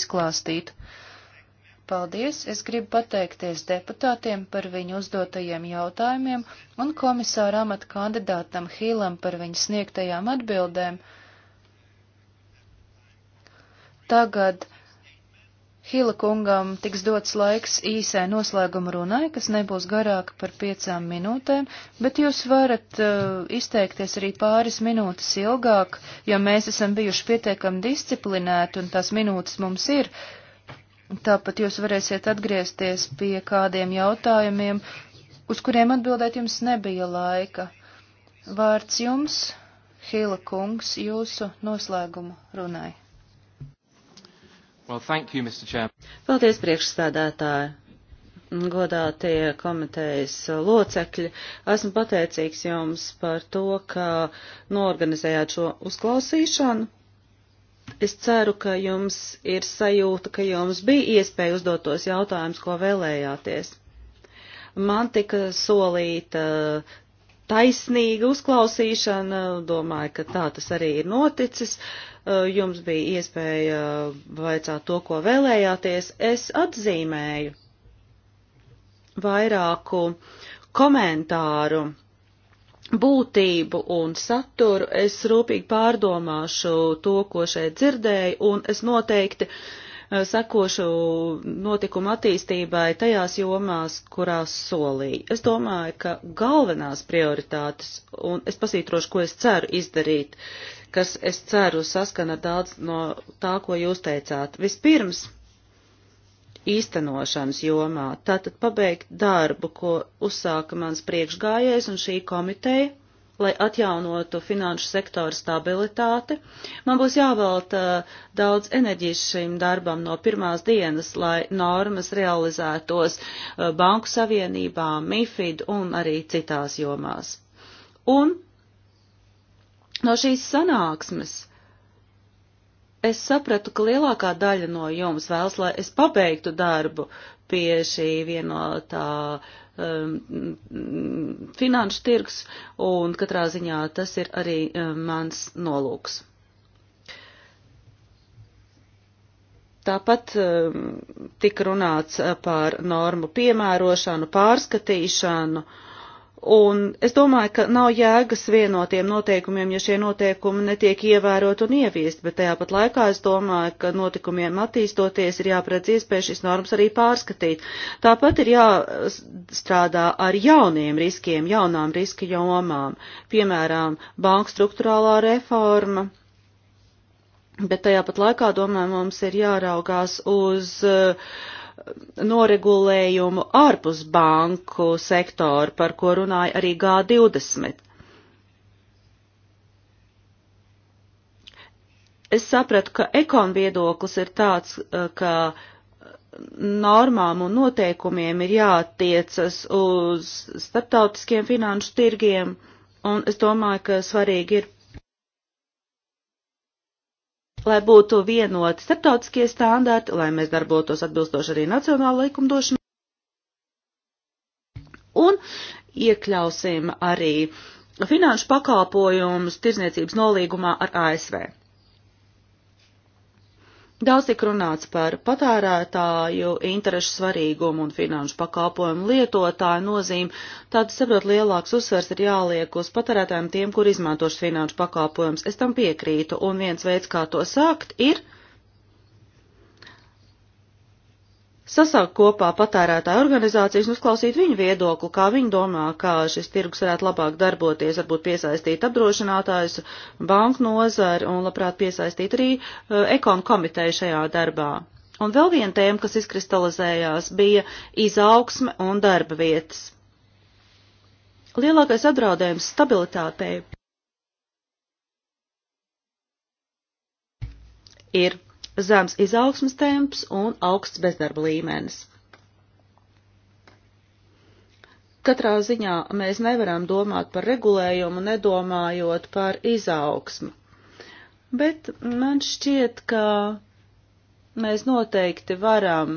izklāstītu. Paldies! Es gribu pateikties deputātiem par viņu uzdotajiem jautājumiem un komisāra amata kandidātam Hīlam par viņu sniegtajām atbildēm. Tagad Hila kungam tiks dots laiks īsai noslēguma runai, kas nebūs garāka par piecām minūtēm, bet jūs varat uh, izteikties arī pāris minūtes ilgāk, jo mēs esam bijuši pietiekami disciplinēti un tās minūtes mums ir. Tāpat jūs varēsiet atgriezties pie kādiem jautājumiem, uz kuriem atbildēt jums nebija laika. Vārds jums, Hila kungs, jūsu noslēguma runai. Well, thank you, Mr. Chair. Paldies, priekšstādātāji. Godātie komitejas locekļi, esmu pateicīgs jums par to, ka norganizējāt šo uzklausīšanu. Es ceru, ka jums ir sajūta, ka jums bija iespēja uzdot tos jautājumus, ko vēlējāties. Man tika solīta taisnīga uzklausīšana. Domāju, ka tā tas arī ir noticis. E, jums bija iespēja vaicāt to, ko vēlējāties. Es atzīmēju vairāku komentāru būtību un saturu. Es rūpīgi pārdomāšu to, ko šeit dzirdēju, un es noteikti uh, Eh, sekošu notikumu attīstībai tajās jomās, kurās solīju. Es domāju, ka galvenās prioritātes, un es pasītrošu, ko es ceru izdarīt, kas es ceru saskana daudz no tā, ko jūs teicāt. Vispirms īstenošanas jomā, tātad pabeigt darbu, ko uzsāka mans priekšgājējs un šī komiteja lai atjaunotu finanšu sektoru stabilitāti. Man būs jāvelta daudz enerģijas šim darbam no pirmās dienas, lai normas realizētos eh, Banku Savienībā, MIFID un arī citās jomās. Un no šīs sanāksmes Es sapratu, ka lielākā daļa no jums vēlas, lai es pabeigtu darbu pie šī vienotā um, finanšu tirgs, un katrā ziņā tas ir arī um, mans nolūks. Tāpat um, tika runāts uh, par normu piemērošanu, pārskatīšanu. Uh, Un es domāju, ka nav jēgas vienotiem noteikumiem, ja šie noteikumi netiek ievērot un ieviest, bet tajā pat laikā es domāju, ka notikumiem attīstoties ir jāpredz iespēja šīs normas arī pārskatīt. Tāpat ir jāstrādā ar jauniem riskiem, jaunām riska jomām, piemēram, banka struktūrālā reforma. Bet tajā pat laikā, domāju, mums ir jāraugās uz uh, noregulējumu ārpus banku sektoru, par ko runāja arī G20. Es sapratu, ka ekon viedoklis ir tāds, eh, ka normām un noteikumiem ir jātiecas uz starptautiskiem finanšu tirgiem, un es domāju, ka svarīgi ir lai būtu vienoti starptautiskie standarti, lai mēs darbotos atbilstoši arī nacionāla likumdošana. Un iekļausim arī finanšu pakalpojumus tirzniecības nolīgumā ar ASV. Daudz tik runāts par patērētāju interešu svarīgumu un finanšu pakalpojumu lietotāju nozīmi, tātad saprot lielāks uzsvers ir jāliek uz patērētājiem tiem, kur izmantošas finanšu pakalpojums. Es tam piekrītu, un viens veids, kā to sākt, ir sasākt kopā patērētāju organizācijas un uzklausīt viņu viedokli, kā viņi domā, kā šis tirgus varētu labāk darboties, varbūt piesaistīt apdrošinātājus, banku nozari un labprāt piesaistīt arī uh, ekonu komiteju šajā darbā. Un vēl viena tēma, kas izkristalizējās, bija izaugsme un darba vietas. Lielākais apdraudējums stabilitātei ir zems izaugsmas temps un augsts bezdarba līmenis. Katrā ziņā mēs nevaram domāt par regulējumu, nedomājot par izaugsmu. Bet man šķiet, ka mēs noteikti varam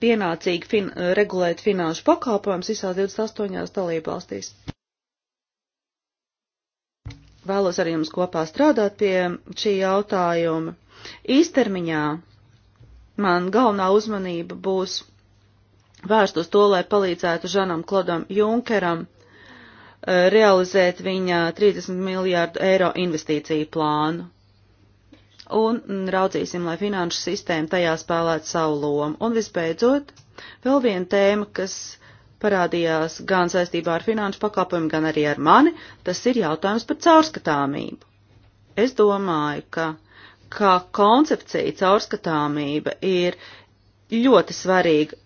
pienācīgi fin regulēt finanšu pakalpojumus visās 28 dalībvalstīs vēlos ar jums kopā strādāt pie šī jautājuma. Īstermiņā man galvenā uzmanība būs vērst uz to, lai palīdzētu Žanam Klodam Junkeram eh, realizēt viņa 30 miljārdu eiro investīciju plānu. Un raudzīsim, lai finanšu sistēma tajā spēlētu savu lomu. Un visbeidzot, vēl viena tēma, kas parādījās gan saistībā ar finanšu pakalpojumu, gan arī ar mani, tas ir jautājums par caurskatāmību. Es domāju, ka kā koncepcija caurskatāmība ir ļoti svarīga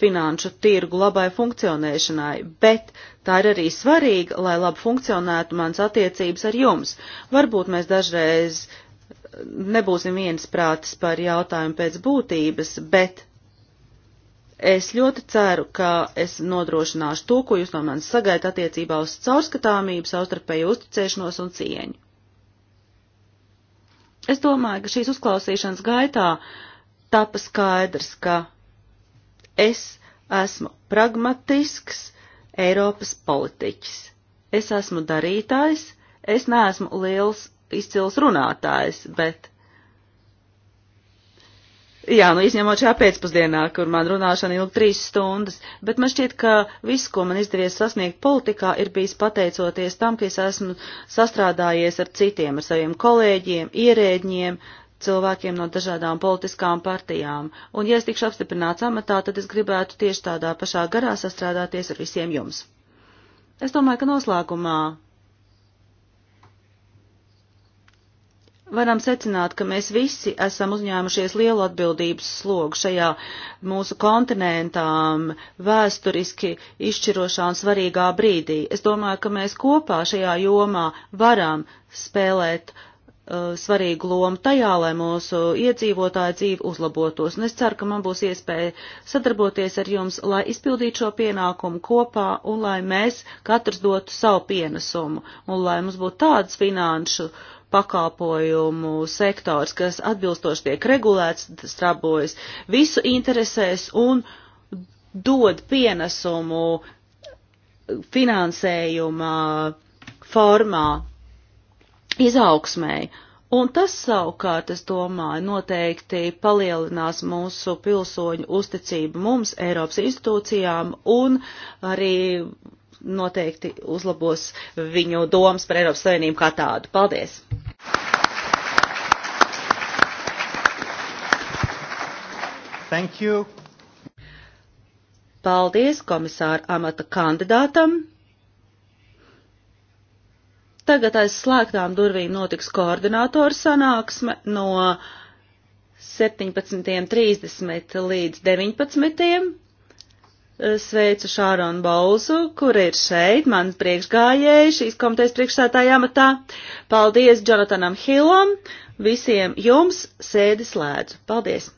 finanšu tirgu labai funkcionēšanai, bet tā ir arī svarīga, lai labi funkcionētu mans attiecības ar jums. Varbūt mēs dažreiz nebūsim viensprātis par jautājumu pēc būtības, bet Es ļoti ceru, ka es nodrošināšu to, ko jūs no manis sagaidat attiecībā uz caurskatāmību, savstarpēju uzticēšanos un cieņu. Es domāju, ka šīs uzklausīšanas gaitā tapa skaidrs, ka es esmu pragmatisks Eiropas politiķis. Es esmu darītājs, es neesmu liels izcils runātājs, bet Jā, nu izņemot šā pēcpusdienā, kur man runāšana ilg trīs stundas, bet man šķiet, ka viss, ko man izdevies sasniegt politikā, ir bijis pateicoties tam, ka es esmu sastrādājies ar citiem, ar saviem kolēģiem, ierēģiem, cilvēkiem no dažādām politiskām partijām. Un, ja es tikšu apstiprināts amatā, tad es gribētu tieši tādā pašā garā sastrādāties ar visiem jums. Es domāju, ka noslēgumā varam secināt, ka mēs visi esam uzņēmušies lielu atbildības slogu šajā mūsu kontinentām vēsturiski izšķirošā un svarīgā brīdī. Es domāju, ka mēs kopā šajā jomā varam spēlēt uh, svarīgu lomu tajā, lai mūsu iedzīvotāja dzīve uzlabotos. Un es ceru, ka man būs iespēja sadarboties ar jums, lai izpildītu šo pienākumu kopā un lai mēs katrs dotu savu pienesumu un lai mums būtu tāds finanšu uh, pakalpojumu sektors, kas atbilstoši tiek regulēts, strabojas visu interesēs un dod pienesumu finansējuma formā izaugsmēji. Un tas savukārt, es domāju, noteikti palielinās mūsu pilsoņu uzticību mums, Eiropas institūcijām, un arī noteikti uzlabos viņu domas par Eiropas Savienību kā tādu. Paldies! Thank you. Paldies komisāra amata kandidātam. Tagad aiz slēgtām durvīm notiks koordinātoru sanāksme no 17.30 līdz 19. Sveicu Šāronu Bolzu, kur ir šeit, mans priekšgājēji šīs komitejas priekšsētāja amatā. Paldies Jonatanam Hillam, visiem jums sēdi slēdzu. Paldies!